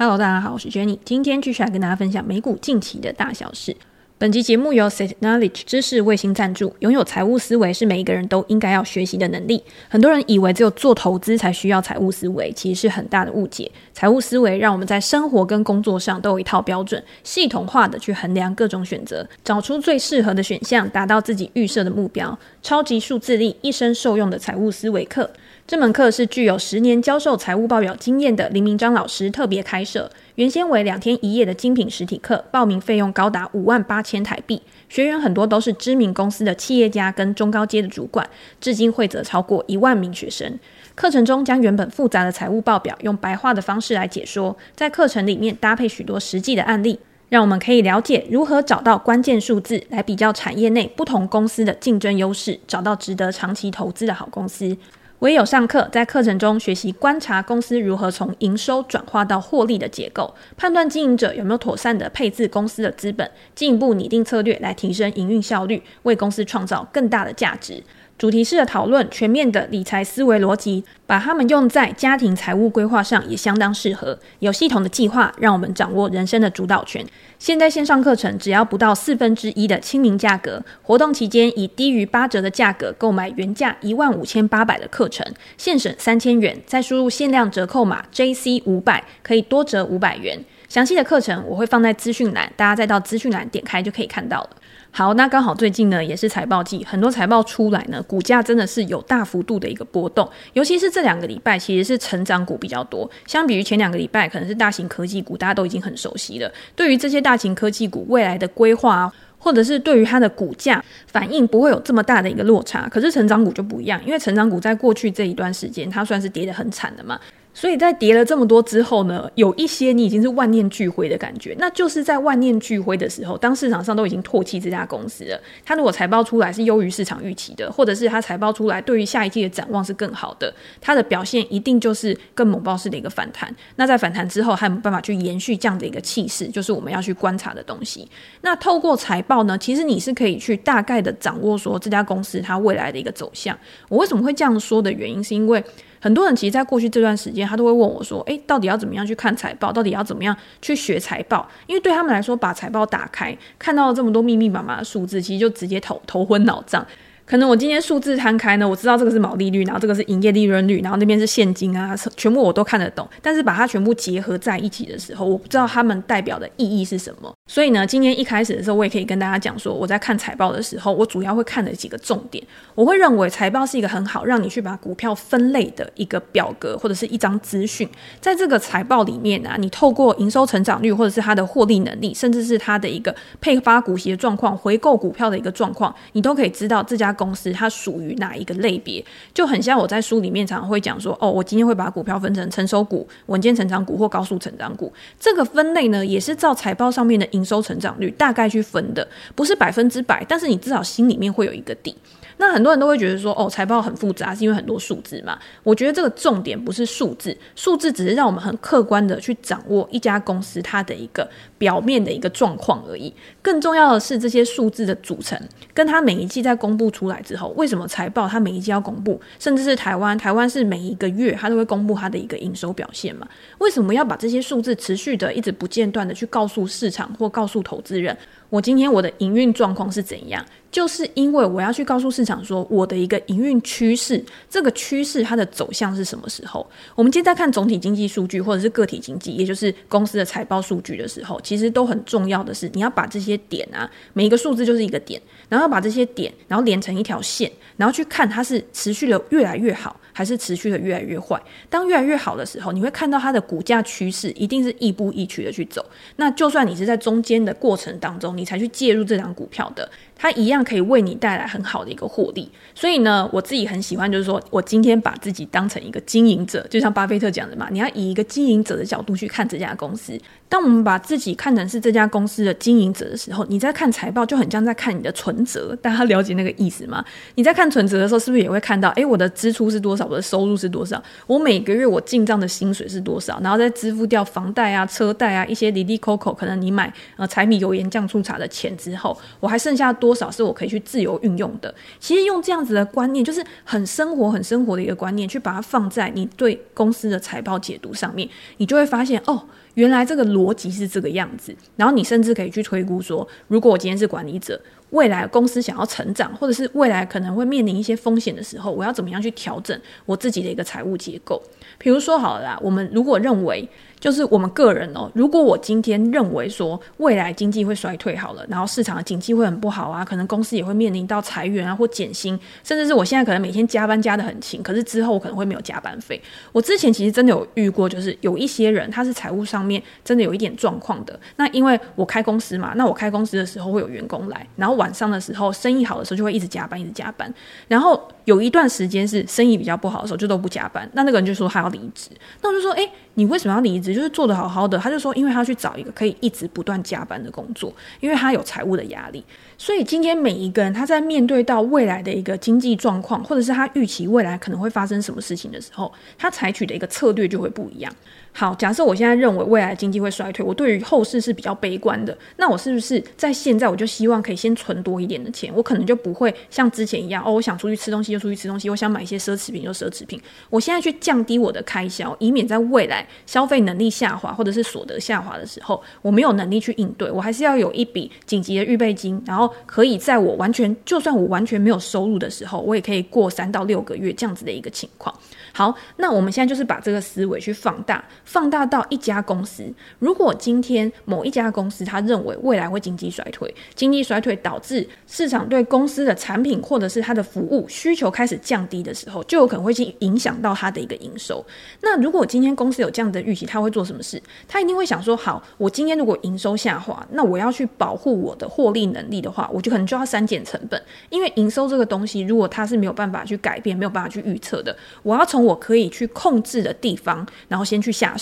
Hello，大家好，我是 Jenny。今天繼續來跟大家分享美股近期的大小事。本集節目由 SAT Knowledge 知識衛星贊助。擁有財務思維是每一個人都應該要學習的能力。很多人以為只有做投資才需要財務思維，其實是很大的誤解。財務思維讓我們在生活跟工作上都有一套標準，系統化的去衡量各種選擇，找出最適合的選項，達到自己預設的目標。超級數字力，一生受用的財務思維課。這門課是具有十年教授財務報表經驗的林明章老師特別開設，原先為兩天一夜的精品實體課，報名費用高達五萬八千台幣。學員很多都是知名公司的企業家跟中高階的主管，至今會則超過一萬名學生。課程中將原本複雜的財務報表用白話的方式來解說，在課程裡面搭配許多實際的案例，讓我們可以了解如何找到關鍵數字來比較產業內不同公司的競爭優勢，找到值得長期投資的好公司。唯有上課，在課程中學習觀察公司如何從營收轉化到獲利的結構，判斷經營者有沒有妥善的配置公司的資本，進一步擬定策略來提升營運效率，為公司創造更大的價值。主題式的討論，全面的理財思維邏輯，把它們用在家庭財務規劃上也相當適合。有系統的計劃，讓我們掌握人生的主導權。現在線上課程只要不到四分之一的親民價格，活動期間以低於八折的價格購買原價一萬五千八百的課程，現省三千元，再輸入限量折扣碼 JC 五百，可以多折五百元。詳細的課程我會放在資訊欄，大家再到資訊欄點開就可以看到了。好，那剛好最近呢也是財報季，很多財報出來呢，股價真的是有大幅度的一個波動，尤其是這兩個禮拜，其實是成長股比較多。相比於前兩個禮拜，可能是大型科技股大家都已經很熟悉了。對於這些大型科技股未來的規劃，或者是對於它的股價反應，不會有這麼大的一個落差。可是成長股就不一樣，因為成長股在過去這一段時間，它算是跌得很慘的嘛。所以在跌了這麼多之後呢，有一些你已經是萬念俱灰的感覺，那就是在萬念俱灰的時候，當市場上都已經唾棄這家公司了，它如果財報出來是優於市場預期的，或者是它財報出來對於下一季的展望是更好的，它的表現一定就是更猛爆式的一個反彈。那在反彈之後，還有辦法去延續這樣的一個氣勢，就是我們要去觀察的東西。那透過財報呢，其實你是可以去大概的掌握說這家公司它未來的一個走向。我為什麼會這樣說的原因是因為。很多人其實，在過去這段時間，他都會問我說：“誒、欸，到底要怎麼樣去看財報？到底要怎麼樣去學財報？”因為對他們來說，把財報打開，看到了這麼多密密麻麻的數字，其實就直接頭頭昏腦脹。可能我今天數字攤開呢，我知道這個是毛利率，然後這個是營業利潤率，然後那邊是現金啊，全部我都看得懂。但是把它全部結合在一起的時候，我不知道它們代表的意義是什麼。所以呢，今天一開始的時候，我也可以跟大家講說，我在看財報的時候，我主要會看的幾個重點。我會認為財報是一個很好讓你去把股票分類的一個表格，或者是一張資訊。在這個財報裡面呢、啊，你透過營收成長率，或者是它的獲利能力，甚至是它的一個配發股息的狀況、回購股票的一個狀況，你都可以知道這家。公司它屬於哪一個類別，就很像我在書裡面常常會講說，哦，我今天會把股票分成成熟股、穩健成長股或高速成長股。這個分類呢，也是照財報上面的營收成長率大概去分的，不是百分之百，但是你至少心裡面會有一個底。那很多人都會覺得說，哦，財報很複雜，是因為很多數字嘛。我覺得這個重點不是數字，數字只是讓我們很客觀地去掌握一家公司它的一個。表面的一個狀況而已，更重要的是這些數字的組成，跟它每一季在公布出來之後，為什麼財報它每一季要公布？甚至是台灣，台灣是每一個月它都會公布它的一個營收表現嘛？為什麼要把這些數字持續的一直不間斷的去告訴市場或告訴投資人？我今天我的營運狀況是怎樣？就是因為我要去告訴市場說我的一個營運趨勢，這個趨勢它的走向是什麼時候？我們今天在看總體經濟數據或者是個體經濟，也就是公司的財報數據的時候，其實都很重要的是，你要把這些點啊，每一個數字就是一個點，然後要把這些點，然後連成一條線，然後去看它是持續的越來越好，還是持續的越來越壞。當越來越好的時候，你會看到它的股價趨勢一定是亦步亦趨的去走。那就算你是在中間的過程當中，你才去介入這檔股票的。它一樣可以為你帶來很好的一個獲利，所以呢，我自己很喜歡，就是說我今天把自己當成一個經營者，就像巴菲特講的嘛，你要以一個經營者的角度去看這家公司。當我們把自己看成是這家公司的經營者的時候，你在看財報就很像在看你的存折，大家了解那個意思嗎？你在看存折的時候，是不是也會看到，哎，我的支出是多少，我的收入是多少，我每個月我進賬的薪水是多少，然後再支付掉房貸啊、車貸啊、一些哩哩摳摳，可能你買呃柴米油鹽醬醋茶的錢之後，我還剩下多。多少是我可以去自由運用的。其實用這樣子的觀念，就是很生活、很生活的一個觀念，去把它放在你對公司的財報解讀上面，你就會發現哦，原來這個邏輯是這個樣子。然後你甚至可以去推估說，如果我今天是管理者，未來公司想要成長，或者是未來可能會面臨一些風險的時候，我要怎麼樣去調整我自己的一個財務結構？比如說好了啦，我們如果認為，就是我們個人哦，如果我今天認為說未來經濟會衰退好了，然後市場的景氣會很不好啊，可能公司也會面臨到裁員啊或減薪，甚至是我現在可能每天加班加得很勤，可是之後我可能會沒有加班費。我之前其實真的有遇過，就是有一些人他是財務上面真的有一點狀況的。那因為我開公司嘛，那我開公司的時候會有員工來，然後晚上的時候生意好的時候就會一直加班一直加班，然後有一段時間是生意比較不好的時候就都不加班，那那個人就說他要離職，那我就說誒。你為什麼要離職？就是做的好好的，他就說，因為他要去找一個可以一直不斷加班的工作，因為他有財務的壓力。所以今天每一個人，他在面對到未來的一個經濟狀況，或者是他預期未來可能會發生什麼事情的時候，他採取的一個策略就會不一樣。好，假設我現在認為未來經濟會衰退，我對於後市是比較悲觀的，那我是不是在現在我就希望可以先存多一點的錢？我可能就不會像之前一樣，哦，我想出去吃東西就出去吃東西，我想買一些奢侈品就奢侈品。我現在去降低我的開銷，以免在未來消費能力下滑或者是所得下滑的時候，我沒有能力去應對，我還是要有一筆緊急的預備金，然後可以在我完全，就算我完全沒有收入的時候，我也可以過三到六個月這樣子的一個情況。好，那我們現在就是把這個思維去放大。放大到一家公司，如果今天某一家公司他認為未來會經濟衰退，經濟衰退導致市場對公司的產品或者是它的服務需求開始降低的時候，就有可能會去影響到它的一個營收。那如果今天公司有這樣的預期，他會做什麼事？他一定會想說：好，我今天如果營收下滑，那我要去保護我的獲利能力的話，我就可能就要刪減成本。因為營收這個東西，如果他是沒有辦法去改變、沒有辦法去預測的，我要從我可以去控制的地方，然後先去下去。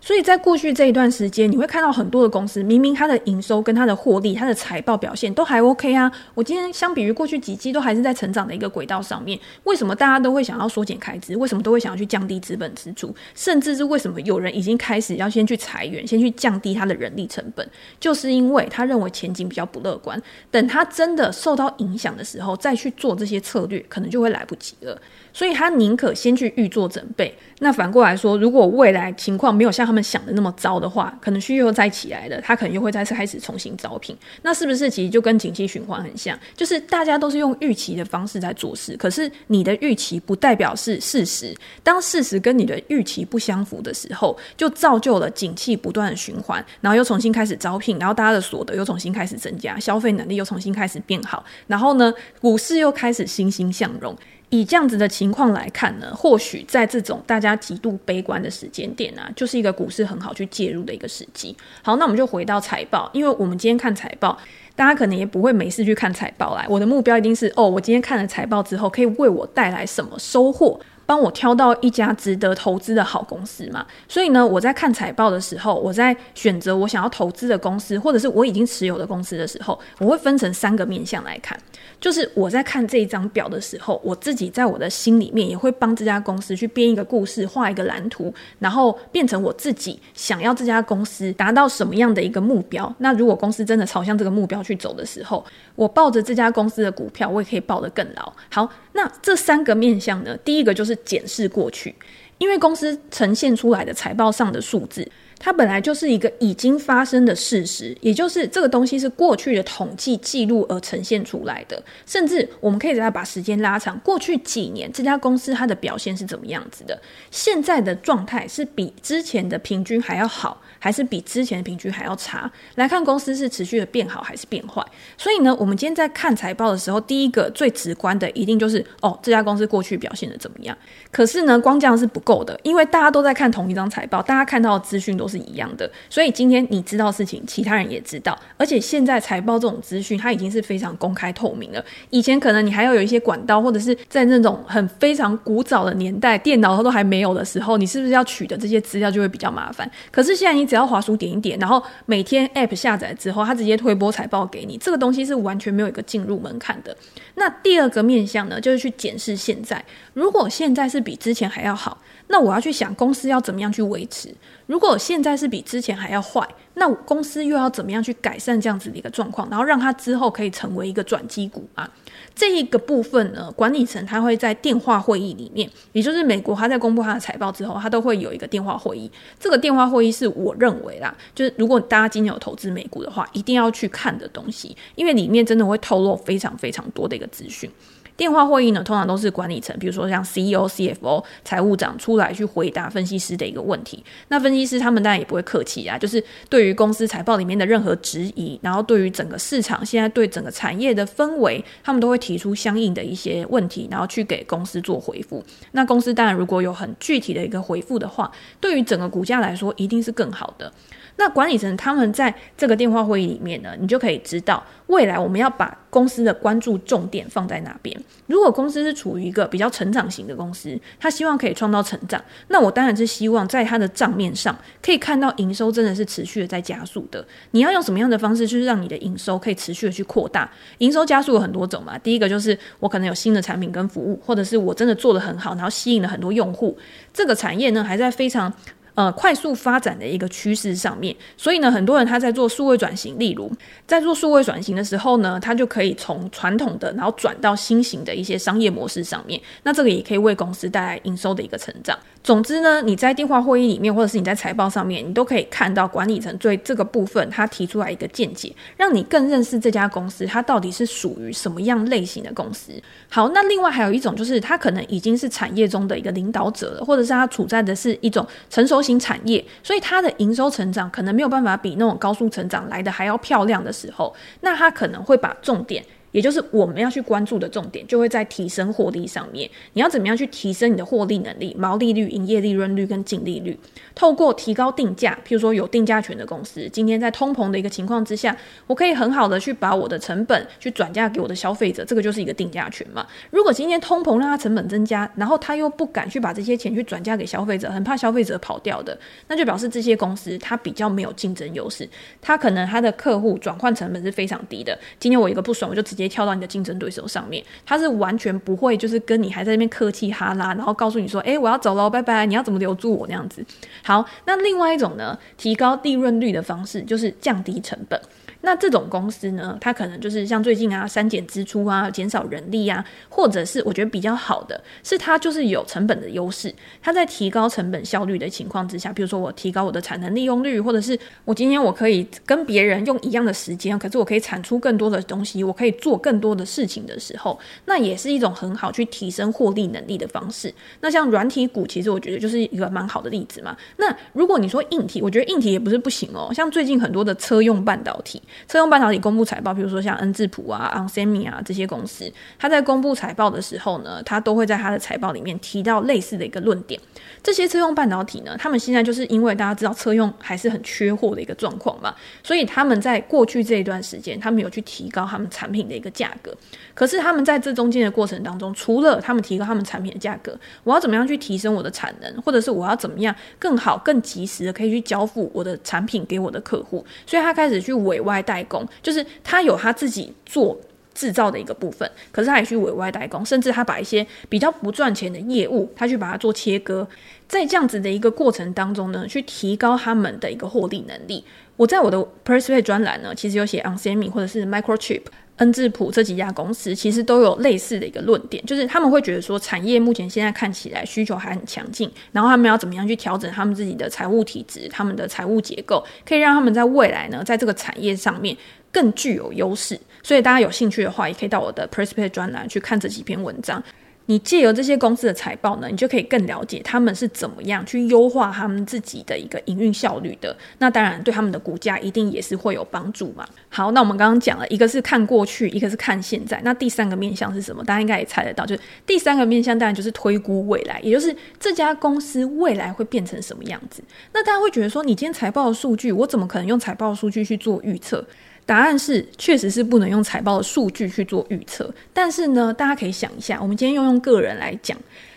所以，在過去這一段時間，你會看到很多的公司，明明他的營收跟他的獲利、他的財報表現都還 OK 啊。我今天相比於過去幾季，都還是在成長的一個軌道上面。為什麼大家都會想要縮減開支？為什麼都會想要去降低資本支出？甚至是為什麼有人已經開始要先去裁員、先去降低他的人力成本？就是因為他認為前景比較不樂觀。等他真的受到影響的時候，再去做這些策略，可能就會來不及了。所以他寧可先去預做準備。那反過來說，如果未來情況沒有像他們想的那麼糟的話，可能需求又再起來了，他可能又會再次開始重新招聘。那是不是其實就跟景氣循環很像？就是大家都是用預期的方式在做事，可是你的預期不代表是事實。當事實跟你的預期不相符的時候，就造就了景氣不斷的循環，然後又重新開始招聘，然後大家的所得又重新開始增加，消費能力又重新開始變好，然後呢，股市又開始欣欣向榮。以這樣子的情況來看呢，或許在這種大家極度悲觀的時間點啊，就是一個股市很好去介入的一個時機。好，那我們就回到財報，因為我們今天看財報，大家可能也不會沒事去看財報啦，我的目標一定是，哦，我今天看了財報之後，可以為我帶來什麼收穫。幫我挑到一家值得投資的好公司嘛？所以呢，我在看財報的時候，我在選擇我想要投資的公司，或者是我已經持有的公司的時候，我會分成三個面向來看。就是我在看這一張表的時候，我自己在我的心裡面也會幫這家公司去編一個故事，畫一個藍圖，然後變成我自己想要這家公司達到什麼樣的一個目標。那如果公司真的朝向這個目標去走的時候，我抱着這家公司的股票，我也可以抱得更牢。好，那這三個面向呢？第一個就是。檢視過去，因為公司呈現出來的財報上的數字，它本來就是一個已經發生的事實，也就是這個東西是過去的統計記錄而呈現出來的。甚至我們可以再把時間拉長，過去幾年這家公司它的表現是怎麼樣子的？現在的狀態是比之前的平均還要好，還是比之前的平均還要差？來看公司是持續的變好還是變壞。所以呢，我們今天在看財報的時候，第一個最直觀的一定就是哦，這家公司過去表現的怎麼樣？可是呢，光這樣是不夠的，因為大家都在看同一張財報，大家看到的資訊都。都是一樣的，所以今天你知道事情，其他人也知道。而且現在財報這種資訊，它已經是非常公開透明了。以前可能你還要有，有一些管道，或者是在那種很非常古早的年代，電腦都還沒有的時候，你是不是要取得這些資料就會比較麻煩？可是現在你只要滑鼠點一點，然後每天 App 下載之後，它直接推播財報給你，這個東西是完全沒有一個進入門檻的。那第二個面向呢，就是去檢視現在，如果現在是比之前還要好。那我要去想公司要怎麼樣去維持。如果現在是比之前還要壞，那公司又要怎麼樣去改善這樣子的一個狀況，然後讓它之後可以成為一個轉機股啊。這一個部分呢，管理層他會在電話會議裡面，也就是美國他在公布他的財報之後，他都會有一個電話會議。這個電話會議是我認為啦，就是如果大家今天有投資美股的話，一定要去看的東西，因為裡面真的會透露非常非常多的一個資訊。電話會議呢，通常都是管理層，比如說像 CEO、CFO、財務長出來去回答分析師的一個問題。那分析師他們當然也不會客氣啊，就是對於公司財報裡面的任何質疑，然後對於整個市場、現在對整個產業的氛圍，他們都會提出相應的一些問題，然後去給公司做回復。那公司當然如果有很具體的一個回復的話，對於整個股價來說一定是更好的。那管理層他們在這個電話會議裡面呢，你就可以知道。未來我們要把公司的關注重點放在哪邊？如果公司是處於一個比較成長型的公司，他希望可以創造成長，那我當然是希望在他的賬面上可以看到營收真的是持續的在加速的。你要用什麼樣的方式去讓你的營收可以持續的去擴大？營收加速有很多種嘛，第一個就是我可能有新的產品跟服務，或者是我真的做得很好，然後吸引了很多用戶，這個產業呢還在非常。呃，快速發展的一個趨勢上面，所以呢，很多人他在做數位轉型，例如在做數位轉型的時候呢，他就可以從傳統的，然後轉到新型的一些商業模式上面，那這個也可以為公司帶來營收的一個成長。總之呢，你在電話會議裡面，或者是你在財報上面，你都可以看到管理層對這個部分他提出來一個見解，讓你更認識這家公司，它到底是屬於什麼樣類型的公司。好，那另外還有一種就是，它可能已經是產業中的一個領導者了，或者是它處在的是一種成熟型產業，所以它的營收成長可能沒有辦法比那種高速成長來得還要漂亮的時候，那它可能會把重點。也就是我們要去關注的重點，就會在提升獲利上面。你要怎麼樣去提升你的獲利能力、毛利率、營業利潤率跟淨利率？透過提高定價，譬如說有定價權的公司，今天在通膨的一個情況之下，我可以很好的去把我的成本去轉嫁給我的消費者，這個就是一個定價權嘛。如果今天通膨讓它成本增加，然後他又不敢去把這些錢去轉嫁給消費者，很怕消費者跑掉的，那就表示這些公司它比較沒有競爭優勢，它可能它的客戶轉換成本是非常低的。今天我一個不爽，我就直接。跳到你的競爭對手上面，他是完全不會，就是跟你還在那邊客氣哈拉，然後告訴你說，哎、欸，我要走了，拜拜，你要怎麼留住我那樣子。好，那另外一種呢，提高利潤率的方式就是降低成本。那這種公司呢，它可能就是像最近啊，刪減支出啊，減少人力啊，或者是我覺得比較好的是，它就是有成本的優勢。它在提高成本效率的情況之下，比如說我提高我的產能利用率，或者是我今天我可以跟別人用一樣的時間，可是我可以產出更多的東西，我可以做更多的事情的時候，那也是一種很好去提升獲利能力的方式。那像軟體股，其實我覺得就是一個蠻好的例子嘛。那如果你說硬體，我覺得硬體也不是不行哦，像最近很多的車用半導體。車用半導體公布財報，比如說像恩智浦啊、安森美啊這些公司，它在公布財報的時候呢，它都會在它的財報裡面提到類似的一個論點。這些車用半導體呢，他們現在就是因為大家知道車用還是很缺貨的一個狀況嘛，所以他們在過去這一段時間，他們有去提高他們產品的一個價格。可是他們在這中間的過程當中，除了他們提高他們產品的價格，我要怎麼樣去提升我的產能，或者是我要怎麼樣更好、更及時的可以去交付我的產品給我的客戶，所以他開始去委外。外代工就是他有他自己做製造的一個部分，可是他也去委外代工，甚至他把一些比較不賺錢的業務，他去把它做切割，在這樣子的一個過程當中呢，去提高他們的一個獲利能力。我在我的 Perspective 專欄呢，其實有寫 onsemi 或者是 Microchip。恩智浦這幾家公司其實都有類似的一個論點，就是他們會覺得說，產業目前現在看起來需求還很強勁，然後他們要怎麼樣去調整他們自己的財務體質，他們的財務結構，可以讓他們在未來呢，在這個產業上面更具有優勢。所以大家有興趣的話，也可以到我的 Prespect 專欄去看這幾篇文章。你借由這些公司的財報呢，你就可以更了解他們是怎麼樣去優化他們自己的一個營運效率的。那當然，對他們的股價一定也是會有幫助嘛。好，那我們剛剛講了，一個是看過去，一個是看現在，那第三個面向是什麼？大家應該也猜得到，就是第三個面向當然就是推估未來，也就是這家公司未來會變成什麼樣子。那大家會覺得說，你今天財報的數據，我怎麼可能用財報的數據去做預測？答案是，確實是不能用財報的數據去做預測。但是呢，大家可以想一下，我們今天要用個人來講，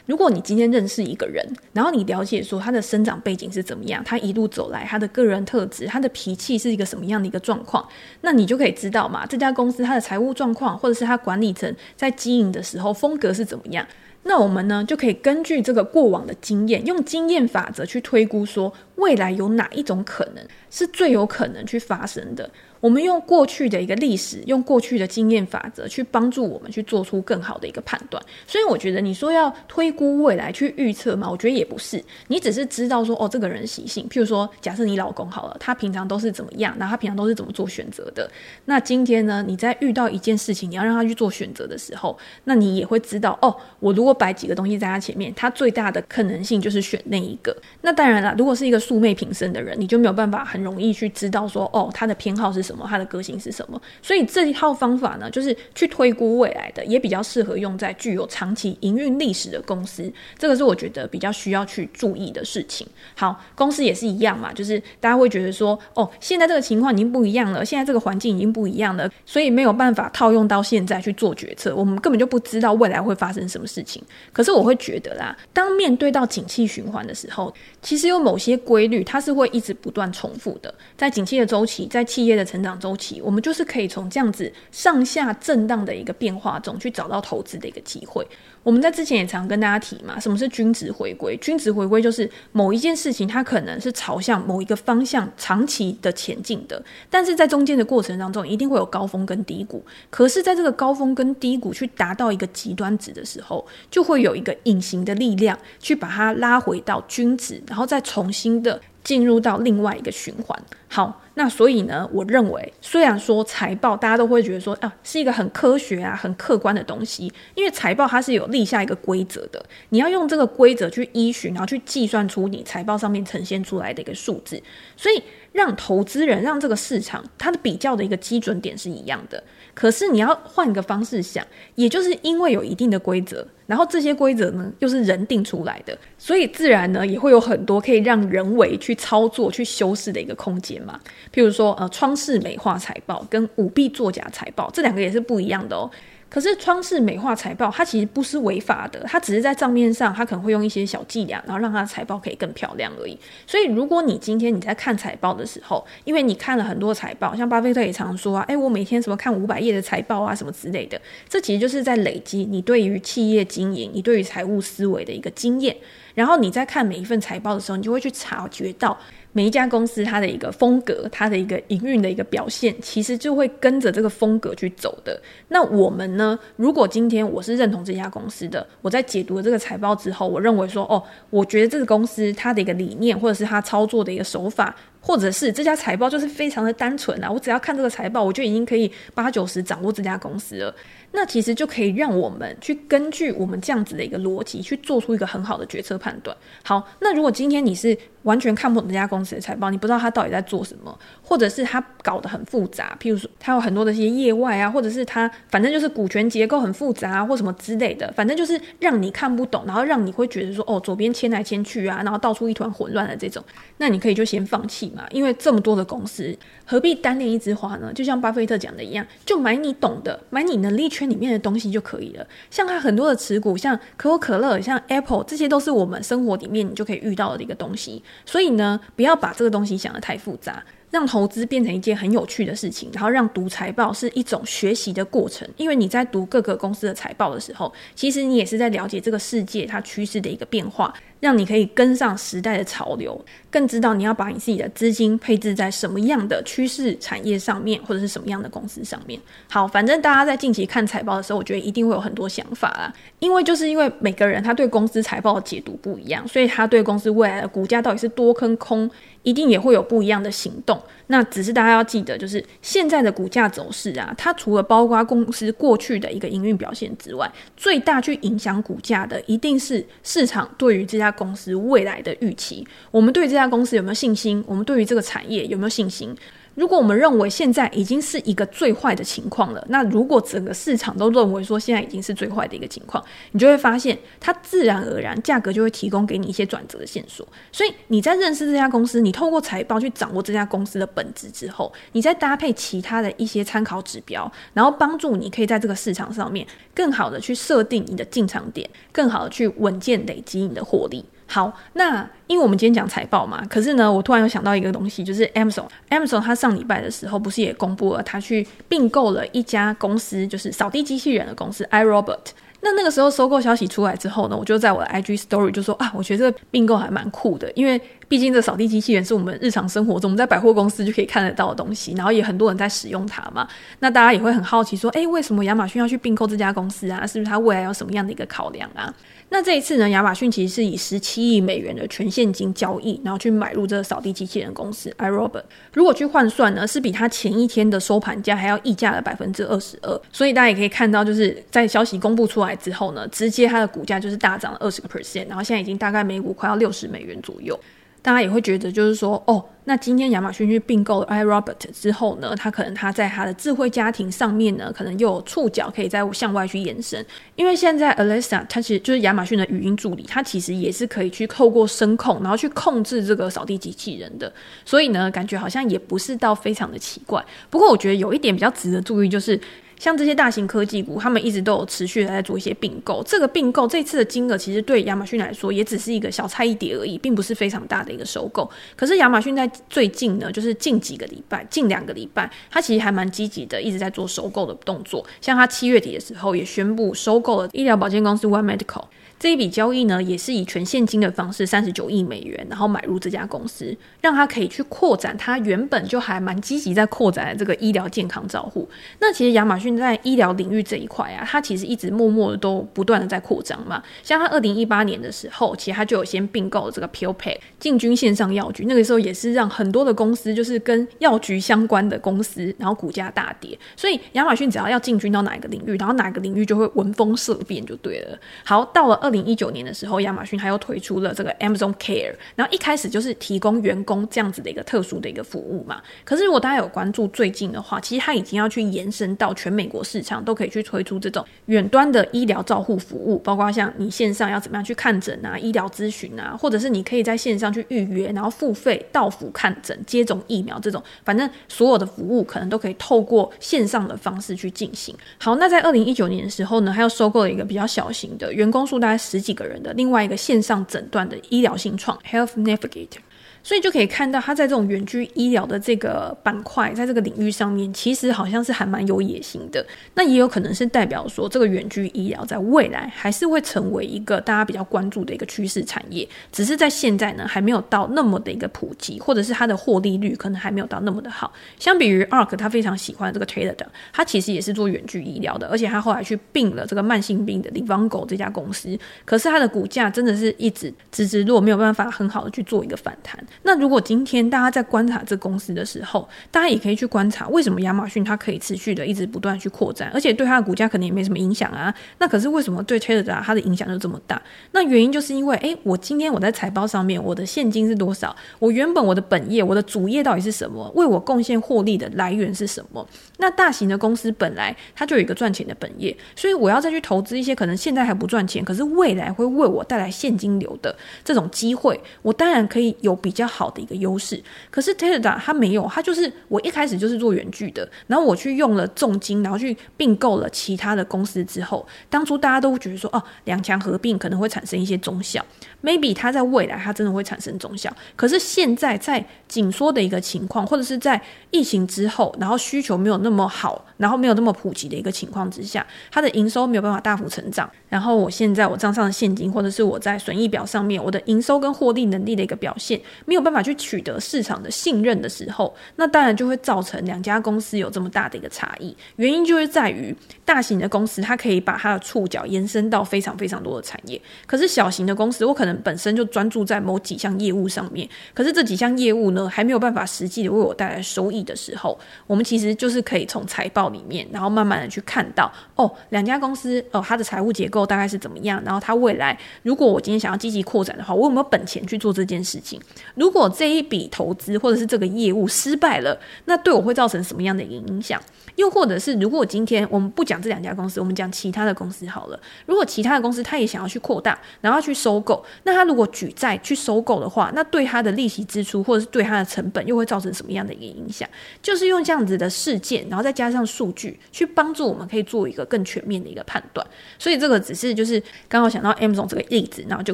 如果你今天認識一個人，然後你了解說他的生長背景是怎麼樣，他一路走來他的個人特質、他的脾氣是一個什麼樣的一個狀況，那你就可以知道嘛，這家公司它的財務狀況，或者是他管理層在經營的時候風格是怎麼樣。那我們呢，就可以根據這個過往的經驗，用經驗法則去推估說，未來有哪一種可能是最有可能去發生的。我們用過去的一個歷史，用過去的經驗法則去幫助我們去做出更好的一個判斷。所以我覺得你說要推估未來去預測嘛，我覺得也不是。你只是知道說哦，這個人習性，譬如說，假設你老公好了，他平常都是怎麼樣，那他平常都是怎麼做選擇的。那今天呢，你在遇到一件事情，你要讓他去做選擇的時候，那你也會知道哦，我如果擺幾個東西在他前面，他最大的可能性就是選那一個。那當然了，如果是一個素昧平生的人，你就沒有辦法很容易去知道說哦，他的偏好是什麼。什麼？它的個性是什麼？所以這一套方法呢，就是去推估未來的，也比較適合用在具有長期營運歷史的公司。這個是我覺得比較需要去注意的事情。好，公司也是一樣嘛，就是大家會覺得說，哦，現在這個情況已經不一樣了，現在這個環境已經不一樣了，所以沒有辦法套用到現在去做決策。我們根本就不知道未來會發生什麼事情。可是我會覺得啦，當面對到景氣循環的時候，其實有某些規律，它是會一直不斷重複的。在景氣的週期，在企業的成……成長週期，我們就是可以從這樣子上下震盪的一個變化中去找到投資的一個機會。我們在之前也常跟大家提嘛，什麼是均值回歸？均值回歸就是某一件事情，它可能是朝向某一個方向長期的前進的，但是在中間的過程當中，一定會有高峰跟低谷。可是，在這個高峰跟低谷去達到一個極端值的時候，就會有一個隱形的力量去把它拉回到均值，然後再重新的。進入到另外一個循環，好，那所以呢，我認為雖然說財報大家都會覺得說啊是一個很科學啊、很客觀的東西，因為財報它是有立下一個規則的，你要用這個規則去依循，然後去計算出你財報上面呈現出來的一個數字，所以讓投資人、讓這個市場它的比較的一個基準點是一樣的。可是你要換個方式想，也就是因為有一定的規則，然後這些規則呢又是人定出來的，所以自然呢也會有很多可以讓人為去操作、去修飾的一個空間嘛。譬如說，呃，窗飾美化財報跟舞弊作假財報，這兩個也是不一樣的哦、喔。可是，窗飾美化財報，它其實不是違法的，它只是在賬面上，它可能會用一些小伎倆，然後讓它的財報可以更漂亮而已。所以，如果你今天你在看財報的時候，因為你看了很多財報，像巴菲特也常說啊，哎，我每天什麼看五百頁的財報啊，什麼之類的，這其實就是在累積你對於企業經營、你對於財務思維的一個經驗。然後，你在看每一份財報的時候，你就會去察覺到。每一家公司它的一個風格，它的一個營運的一個表現，其實就會跟着這個風格去走的。那我們呢？如果今天我是認同這家公司的，我在解讀了這個財報之後，我認為說，哦，我覺得這個公司它的一個理念，或者是它操作的一個手法。或者是這家財報就是非常的單純啊，我只要看這個財報，我就已經可以八九十掌握這家公司了。那其實就可以讓我們去根據我們這樣子的一個邏輯去做出一個很好的決策判斷。好，那如果今天你是完全看不懂這家公司的財報，你不知道他到底在做什麼，或者是他搞得很複雜，譬如說他有很多的一些業外啊，或者是他反正就是股權結構很複雜，啊，或什麼之類的，反正就是讓你看不懂，然後讓你會覺得說哦，左邊遷來遷去啊，然後到處一團混亂的這種，那你可以就先放棄。因為這麼多的公司，何必單戀一枝花呢？就像巴菲特講的一樣，就買你懂的，買你能力圈裡面的東西就可以了。像他很多的持股，像可口可樂、像 Apple，這些都是我們生活裡面你就可以遇到的一個東西。所以呢，不要把這個東西想得太複雜，讓投資變成一件很有趣的事情，然後讓讀財報是一種學習的過程。因為你在讀各個公司的財報的時候，其實你也是在了解這個世界它趨勢的一個變化。讓你可以跟上時代的潮流，更知道你要把你自己的資金配置在什麼樣的趨勢產業上面，或者是什麼樣的公司上面。好，反正大家在近期看財報的時候，我覺得一定會有很多想法啦、啊。因為就是因為每個人他對公司財報的解讀不一樣，所以他對公司未來的股價到底是多坑空，一定也會有不一樣的行動。那只是大家要記得，就是現在的股價走勢啊，它除了包括公司過去的一個營運表現之外，最大去影響股價的，一定是市場對於這家公司未來的預期。我們對這家公司有沒有信心？我們對於這個產業有沒有信心？如果我們認為現在已經是一個最壞的情況了，那如果整個市場都認為說現在已經是最壞的一個情況，你就會發現它自然而然價格就會提供給你一些轉折的線索。所以你在認識這家公司，你透過財報去掌握這家公司的本質之後，你再搭配其他的一些參考指標，然後幫助你可以在這個市場上面更好的去設定你的進場點，更好的去穩健累積你的獲利。好，那因為我們今天講財報嘛，可是呢，我突然又想到一個東西，就是 Amazon，Amazon 它上禮拜的時候不是也公布了它去併購了一家公司，就是掃地機器人的公司 iRobot。那那個時候收購消息出來之後呢，我就在我的 IG Story 就說啊，我覺得這個併購還蠻酷的，因為畢竟這掃地機器人是我們日常生活中我們在百貨公司就可以看得到的東西，然後也很多人在使用它嘛。那大家也會很好奇說，哎、欸，為什麼亞馬遜要去併購這家公司啊？是不是它未來有什麼樣的一個考量啊？那這一次呢，亞馬遜其實是以十七億美元的全現金交易，然後去買入這個掃地機器人公司 iRobot。如果去換算呢，是比它前一天的收盤價還要溢價了百分之二十二。所以大家也可以看到，就是在消息公布出來之後呢，直接它的股價就是大漲了二十個 percent，然後現在已經大概每股快要六十美元左右。大家也會覺得，就是說，哦，那今天亞馬遜去併購了 iRobot 之後呢，他可能他在他的智慧家庭上面呢，可能又有觸角可以再向外去延伸。因為現在 Alexa 它其實就是亞馬遜的語音助理，它其實也是可以去透過聲控，然後去控制這個掃地機器人的。所以呢，感覺好像也不是到非常的奇怪。不過我覺得有一點比較值得注意就是。像這些大型科技股，他們一直都有持續的在做一些併購。這個併購這次的金額其實對亞馬遜來說也只是一個小菜一碟而已，並不是非常大的一個收購。可是亞馬遜在最近呢，就是近幾個禮拜、近兩個禮拜，他其實還蠻積極的，一直在做收購的動作。像他七月底的時候也宣布收購了醫療保健公司 One Medical。這一筆交易呢，也是以全現金的方式，三十九億美元，然後買入這家公司，讓他可以去擴展他原本就還蠻積極在擴展的這個醫療健康照護。那其實亞馬遜在醫療領域這一塊啊，它其實一直默默的都不斷的在擴張嘛。像它二零一八年的時候，其實它就有先併購了這個 PillPack 進軍線上藥局。那個時候也是讓很多的公司，就是跟藥局相關的公司，然後股價大跌。所以亞馬遜只要要進軍到哪一個領域，然後哪一個領域就會聞風色變，就對了。好，到了二。二零一九年的時候，亞馬遜他又推出了這個 Amazon Care，然後一開始就是提供員工這樣子的一個特殊的一個服務嘛。可是如果大家有關注最近的話，其實他已經要去延伸到全美國市場，都可以去推出這種遠端的醫療照護服務，包括像你線上要怎麼樣去看診啊、醫療諮詢啊，或者是你可以在線上去預約，然後付費到府看診、接種疫苗這種，反正所有的服務可能都可以透過線上的方式去進行。好，那在二零一九年的時候呢，他又收購了一個比較小型的員工數大概，十幾個人的另外一個線上診斷的醫療新創，Health Navigator。所以就可以看到，他在這種遠距醫療的這個板塊，在這個領域上面，其實好像是還蠻有野心的。那也有可能是代表說，這個遠距醫療在未來還是會成為一個大家比較關注的一個趨勢產業，只是在現在呢，還沒有到那麼的一個普及，或者是它的獲利率可能還沒有到那麼的好。相比於 Arc，他非常喜歡這個 Teladoc，他其實也是做遠距醫療的，而且他後來去併了這個慢性病的 Livongo 這家公司，可是它的股價真的是一直直直落，沒有辦法很好的去做一個反彈。那如果今天大家在觀察這公司的時候，大家也可以去觀察為什麼亞馬遜它可以持續的一直不斷去擴展，而且對它的股價可能也沒什麼影響啊。那可是為什麼對 Tesla 它的影響就這麼大？那原因就是因為，誒，我今天我在財報上面我的現金是多少？我原本我的本業、我的主業到底是什麼？為我貢獻獲利的來源是什麼？那大型的公司本來它就有一個賺錢的本業，所以我要再去投資一些可能現在還不賺錢，可是未來會為我帶來現金流的這種機會，我當然可以有比。比較好的一個優勢，可是 Teladoc 他沒有，他就是我一開始就是做遠距的，然後我去用了重金，然後去併購了其他的公司之後，當初大家都覺得說，哦，兩強合併可能會產生一些綜效。maybe 它在未來它真的會產生綜效，可是現在在緊縮的一個情況，或者是在疫情之後，然後需求沒有那麼好，然後沒有那麼普及的一個情況之下，它的營收沒有辦法大幅成長，然後我現在我賬上的現金，或者是我在損益表上面我的營收跟獲利能力的一個表現，沒有辦法去取得市場的信任的時候，那當然就會造成兩家公司有這麼大的一個差異，原因就是在於大型的公司它可以把它的觸角延伸到非常非常多的產業，可是小型的公司我可能本身就專注在某幾項業務上面，可是這幾項業務呢，還沒有辦法實際的為我帶來收益的時候，我們其實就是可以從財報裡面，然後慢慢的去看到哦，兩家公司哦，它的財務結構大概是怎麼樣，然後它未來如果我今天想要積極擴展的話，我有沒有本錢去做這件事情？如果這一筆投資或者是這個業務失敗了，那對我會造成什麼樣的影響？又或者是如果今天我們不講這兩家公司，我們講其他的公司好了，如果其他的公司他也想要去擴大，然後去收購。那他如果舉債去收購的話，那對他的利息支出或者是對他的成本又會造成什麼樣的一個影響？就是用這樣子的事件，然後再加上數據，去幫助我們可以做一個更全面的一個判斷。所以這個只是就是剛好想到 Amazon 這個例子，然後就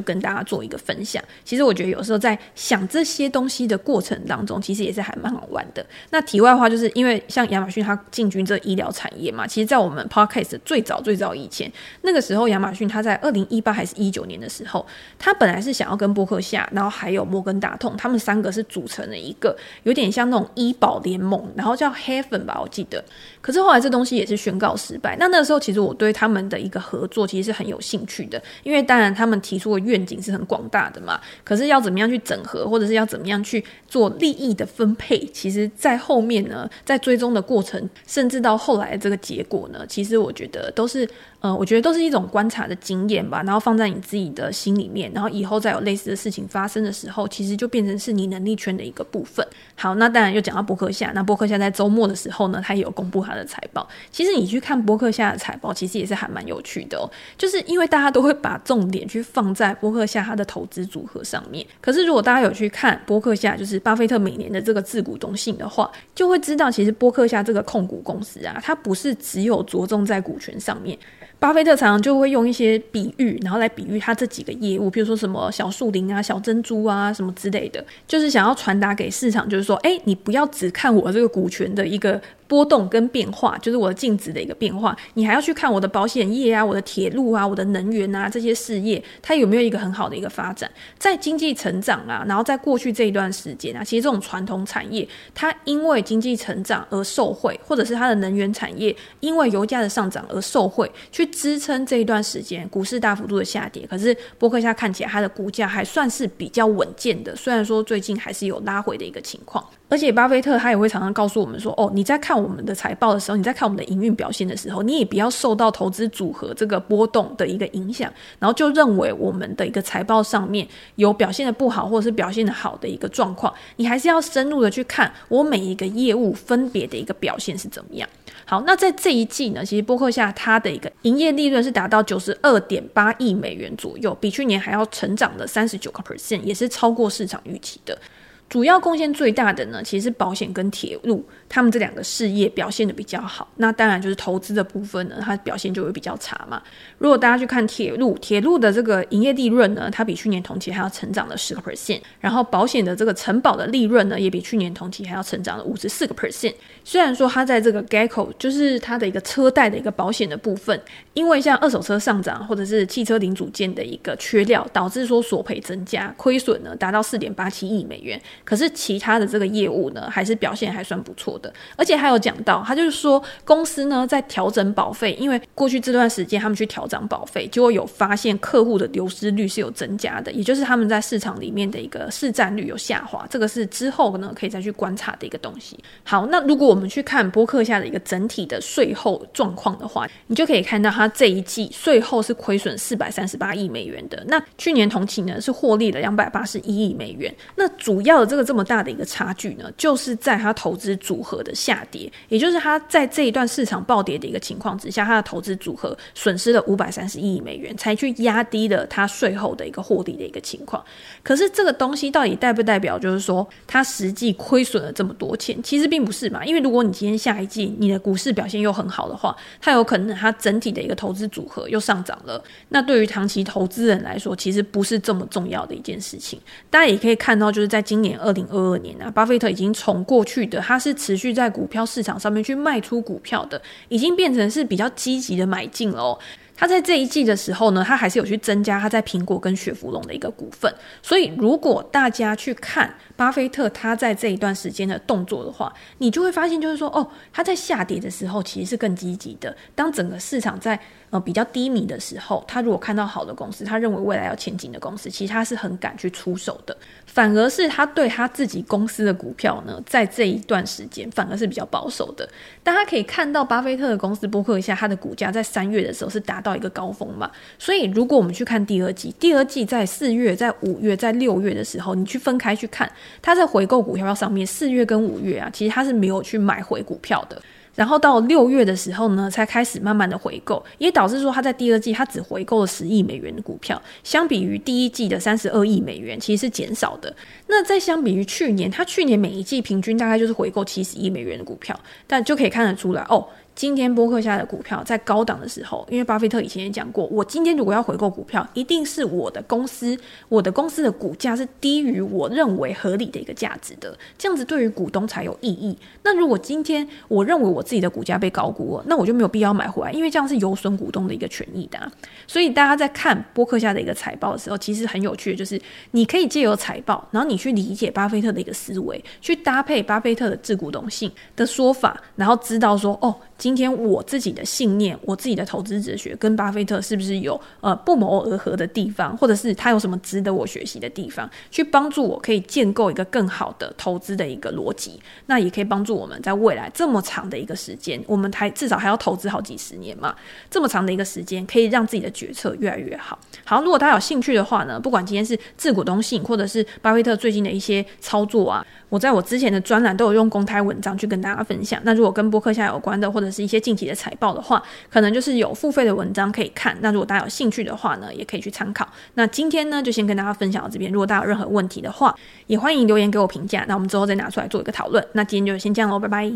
跟大家做一個分享。其實我覺得有時候在想這些東西的過程當中，其實也是還蠻好玩的。那題外話就是因為像亞馬遜它進軍這個醫療產業嘛，其實，在我們 Podcast 最早最早以前，那個時候亞馬遜它在二零一八還是一九年的時候，他本來是想要跟波克夏，然後還有摩根大通，他們三個是組成了一個有點像那種醫保聯盟，然後叫 Haven 吧，我記得。可是後來這東西也是宣告失敗。那那個時候，其實我對他們的一個合作，其實是很有興趣的，因為當然他們提出的願景是很廣大的嘛。可是要怎麼樣去整合，或者是要怎麼樣去做利益的分配，其實，在後面呢，在追蹤的過程，甚至到後來的這個結果呢，其實我覺得都是。呃、嗯，我覺得都是一種觀察的經驗吧，然後放在你自己的心裡面，然後以後再有類似的事情發生的時候，其實就變成是你能力圈的一個部分。好，那當然又講到波克夏，那波克夏在周末的時候呢，他也有公布他的財報。其實你去看波克夏的財報，其實也是還蠻有趣的哦，就是因為大家都會把重點去放在波克夏他的投資組合上面。可是如果大家有去看波克夏，就是巴菲特每年的這個致股東信的話，就會知道其實波克夏這個控股公司啊，它不是只有着重在股權上面。巴菲特常常就會用一些比喻，然後來比喻他這幾個業務，比如說什麼小樹林啊、小珍珠啊什麼之類的，就是想要傳達給市場，就是說，哎、欸，你不要只看我這個股權的一個。波動跟變化，就是我的淨值的一個變化。你還要去看我的保險業啊，我的鐵路啊，我的能源啊這些事業，它有沒有一個很好的一個發展？在經濟成長啊，然後在過去這一段時間啊，其實這種傳統產業，它因為經濟成長而受惠，或者是它的能源產業因為油價的上漲而受惠，去支撐這一段時間股市大幅度的下跌。可是波克夏看起來它的股價還算是比較穩健的，雖然說最近還是有拉回的一個情況。而且巴菲特他也會常常告訴我們說：“哦，你在看我們的財報的時候，你在看我們的營運表現的時候，你也不要受到投資組合這個波動的一個影響，然後就認為我們的一個財報上面有表現的不好，或者是表現的好的一個狀況，你還是要深入的去看我每一個業務分別的一個表現是怎麼樣。”好，那在這一季呢，其實波克夏它的一個營業利潤是達到九十二點八億美元左右，比去年還要成長的三十九個 percent，也是超過市場預期的。主要貢獻最大的呢，其實是保險跟鐵路，他們這兩個事業表現的比較好。那當然就是投資的部分呢，它表現就會比較差嘛。如果大家去看鐵路，鐵路的這個營業利潤呢，它比去年同期還要成長了十個 percent。然後保險的這個承保的利潤呢，也比去年同期還要成長了五十四個 percent。雖然說它在這個 GEICO，就是它的一個車貸的一個保險的部分，因為像二手車上漲或者是汽車零組件的一個缺料，導致說索賠增加，虧損呢達到四點八七億美元。可是其他的這個業務呢，還是表現還算不錯的，而且還有講到，他就是說公司呢在調整保費，因為過去這段時間他們去調漲保費，就會有發現客戶的流失率是有增加的，也就是他們在市場裡面的一個市占率有下滑，這個是之後呢可以再去觀察的一個東西。好，那如果我們去看波克夏的一個整體的稅後狀況的話，你就可以看到它這一季稅後是虧損四百三十八億美元的，那去年同期呢是獲利了兩百八十一億美元，那主要的這個這個這麼大的一個差距呢，就是在他投資組合的下跌，也就是他在這一段市場暴跌的一個情況之下，他的投資組合損失了五百三十億美元，才去壓低了他稅後的一個獲利的一個情況。可是這個東西到底代不代表就是說他實際虧損了這麼多錢？其實並不是嘛，因為如果你今天下一季你的股市表現又很好的話，它有可能它整體的一個投資組合又上漲了。那對於長期投資人來說，其實不是這麼重要的一件事情。大家也可以看到，就是在今年。二零二二年啊，巴菲特已經從過去的他是持續在股票市場上面去賣出股票的，已經變成是比較積極的買進了哦。他在這一季的時候呢，他還是有去增加他在蘋果跟雪佛龍的一個股份。所以，如果大家去看巴菲特他在這一段時間的動作的話，你就會發現就是說，哦，他在下跌的時候其實是更積極的。當整個市場在呃，比較低迷的時候，他如果看到好的公司，他認為未來要前景的公司，其實他是很敢去出手的。反而是他對他自己公司的股票呢，在這一段時間反而是比較保守的。大家可以看到，巴菲特的公司波克夏，他的股價在三月的時候是達到一個高峰嘛。所以，如果我們去看第二季，第二季在四月、在五月、在六月的時候，你去分開去看，他在回購股票上面，四月跟五月啊，其實他是沒有去買回股票的。然後到六月的時候呢，才開始慢慢的回購，也導致說他在第二季他只回購了十億美元的股票，相比於第一季的三十二億美元，其實是減少的。那再相比於去年，他去年每一季平均大概就是回購七十億美元的股票，但就可以看得出來哦。今天波克夏的股票在高檔的時候，因為巴菲特以前也講過，我今天如果要回購股票，一定是我的公司，我的公司的股價是低於我認為合理的一個價值的，這樣子對於股東才有意義。那如果今天我認為我自己的股價被高估了，那我就沒有必要買回來，因為這樣是有損股東的一個權益的啊。所以大家在看波克夏的一個財報的時候，其實很有趣的就是，你可以借由財報，然後你去理解巴菲特的一個思維，去搭配巴菲特的致股東信的說法，然後知道說哦。今天我自己的信念，我自己的投資哲學跟巴菲特是不是有呃不謀而合的地方，或者是他有什麼值得我學習的地方，去幫助我可以建構一個更好的投資的一個邏輯，那也可以幫助我們在未來這麼長的一個時間，我們還至少還要投資好幾十年嘛，這麼長的一個時間可以讓自己的決策越來越好。好，如果大家有興趣的話呢，不管今天是自股東信，或者是巴菲特最近的一些操作啊，我在我之前的專欄都有用公開文章去跟大家分享。那如果跟播客下有關的，或者是一些近期的財報的話，可能就是有付費的文章可以看。那如果大家有興趣的話呢，也可以去參考。那今天呢，就先跟大家分享到這邊。如果大家有任何問題的話，也歡迎留言給我評價。那我們之後再拿出來做一個討論。那今天就先這樣嘍，拜拜。